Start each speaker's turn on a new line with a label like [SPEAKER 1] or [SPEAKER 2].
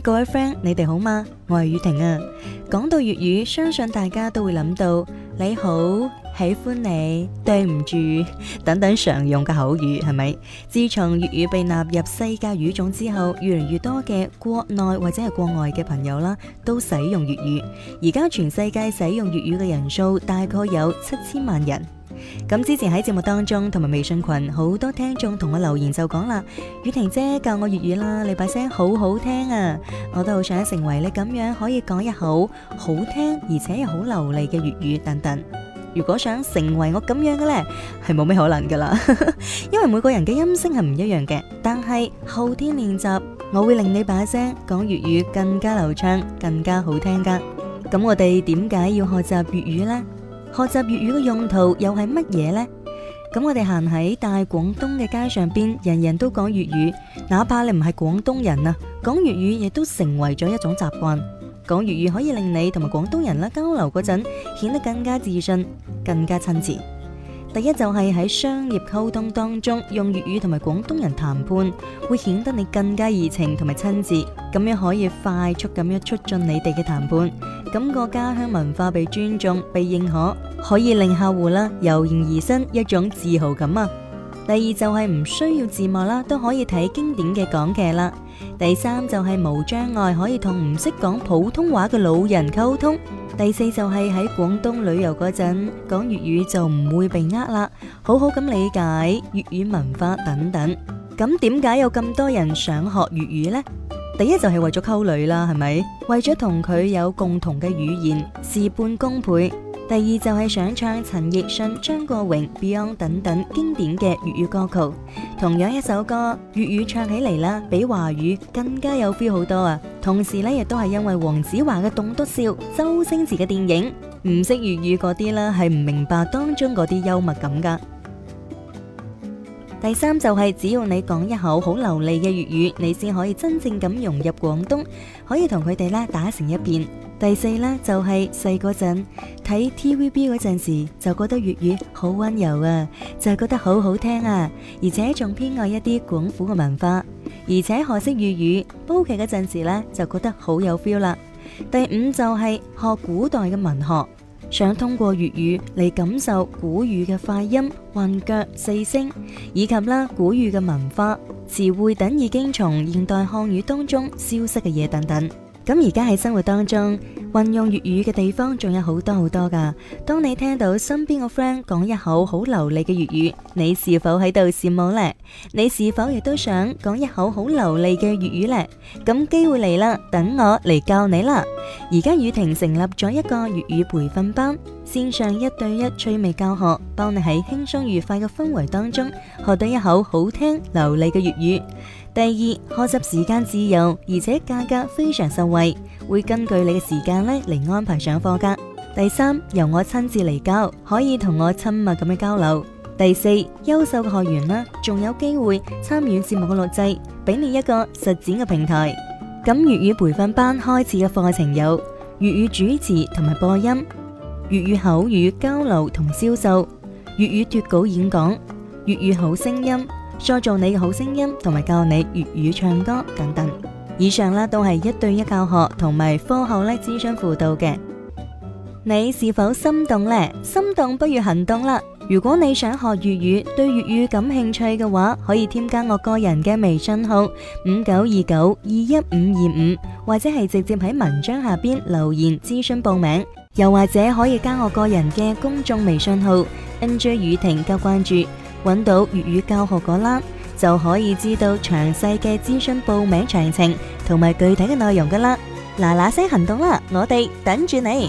[SPEAKER 1] 各位 friend，你哋好嗎？我係宇婷啊。講到粵語，相信大家都會諗到你好、喜歡你、對唔住等等常用嘅口語，係咪？自從粵語被納入世界語種之後，越嚟越多嘅國內或者係國外嘅朋友啦，都使用粵語。而家全世界使用粵語嘅人數大概有七千萬人。咁之前喺節目當中同埋微信群，好多聽眾同我留言就講啦，宇婷姐教我粵語啦，你把聲好好聽啊，我都好想成為你咁樣，可以講一口好聽而且又好流利嘅粵語等等。如果想成為我咁樣嘅呢，係冇咩可能噶啦， 因為每個人嘅音聲係唔一樣嘅。但係後天練習，我會令你把聲講粵語更加流暢，更加好聽噶。咁我哋點解要學習粵語呢？學習粵語嘅用途又係乜嘢呢？咁我哋行喺大廣東嘅街上邊，人人都講粵語，哪怕你唔係廣東人啊，講粵語亦都成為咗一種習慣。講粵語可以令你同埋廣東人啦交流嗰陣，顯得更加自信、更加親切。第一就係喺商業溝通當中，用粵語同埋廣東人談判，會顯得你更加熱情同埋親切，咁樣可以快速咁樣促進你哋嘅談判，感覺家鄉文化被尊重、被認可。可以令客戶啦油然而生一種自豪感啊！第二就係唔需要字幕啦，都可以睇經典嘅港劇啦。第三就係無障礙可以同唔識講普通話嘅老人溝通。第四就係喺廣東旅遊嗰陣講粵語就唔會被呃啦，好好咁理解粵語文化等等。咁點解有咁多人想學粵語呢？第一就係為咗溝女啦，係咪？為咗同佢有共同嘅語言，事半功倍。第二就係想唱陳奕迅、張國榮、Beyond 等等經典嘅粵語歌曲，同樣一首歌，粵語唱起嚟啦，比華語更加有 feel 好多啊！同時咧，亦都係因為黃子華嘅棟篤笑、周星馳嘅電影，唔識粵語嗰啲啦，係唔明白當中嗰啲幽默感噶。第三就係只要你講一口好流利嘅粵語，你先可以真正咁融入廣東，可以同佢哋咧打成一片。第四咧就係細嗰陣睇 TVB 嗰陣時，就覺得粵語好温柔啊，就係覺得好好聽啊，而且仲偏愛一啲廣府嘅文化，而且學識粵語煲劇嗰陣時咧就覺得好有 feel 啦。第五就係學古代嘅文學。想通過粵語嚟感受古語嘅發音、韻腳、四聲，以及啦古語嘅文化、詞彙等已經從現代漢語當中消失嘅嘢等等。咁而家喺生活當中，運用粵語嘅地方仲有好多好多噶當你聽到身邊個 friend 講一口好流利嘅粵語，你是否喺度羨慕呢？你是否亦都想講一口好流利嘅粵語呢？咁機會嚟啦，等我嚟教你啦！而家宇婷成立咗一個粵語培訓班，綫上一對一趣味教學，幫你喺輕鬆愉快嘅氛圍當中，學到一口好聽流利嘅粵語。第二，學習時間自由，而且價格非常受惠，會根據你嘅時間咧嚟安排上課噶。第三，由我親自嚟教，可以同我親密咁樣交流。第四，優秀嘅學員啦，仲有機會參與節目嘅錄製，俾你一個實踐嘅平台。咁粵語培訓班開始嘅課程有粵語主持同埋播音、粵語口語交流同銷售、粵語脫稿演講、粵語好聲音。塑造你嘅好聲音，同埋教你粵語唱歌等等。以上呢都係一對一教學，同埋課後呢諮詢輔導嘅。你是否心動呢？心動不如行動啦！如果你想學粵語，對粵語感興趣嘅話，可以添加我個人嘅微信號五九二九二一五二五，25，或者係直接喺文章下邊留言諮詢報名，又或者可以加我個人嘅公眾微信號 NJ 宇婷加關注。揾到粵語教學嗰欄，就可以知道詳細嘅諮詢報名詳情同埋具體嘅內容噶啦，嗱嗱聲行動啦，我哋等住你。